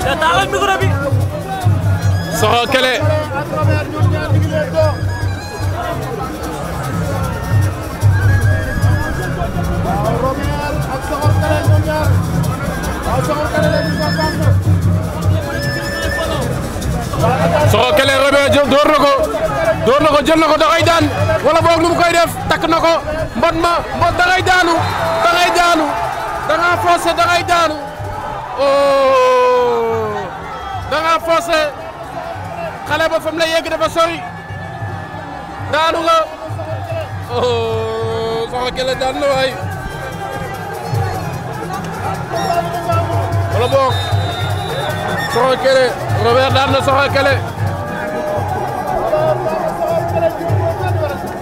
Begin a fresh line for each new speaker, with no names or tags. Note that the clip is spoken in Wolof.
te taalal micro bi. soxo Kelle.
soxo Kelle Robert Diop door na ko. door na ko jël na ko da koy daan wala boog nu mu koy def takk na ko mbot ma mbot da ngay daanu da ngay daanu da ngaa forcé daanu oh da xale ba fam la yegg dafa sori daanu nga oh soxna Kelle daan
wala boog soxna Kelle Robert daan na soxna Kelle.
Gracias.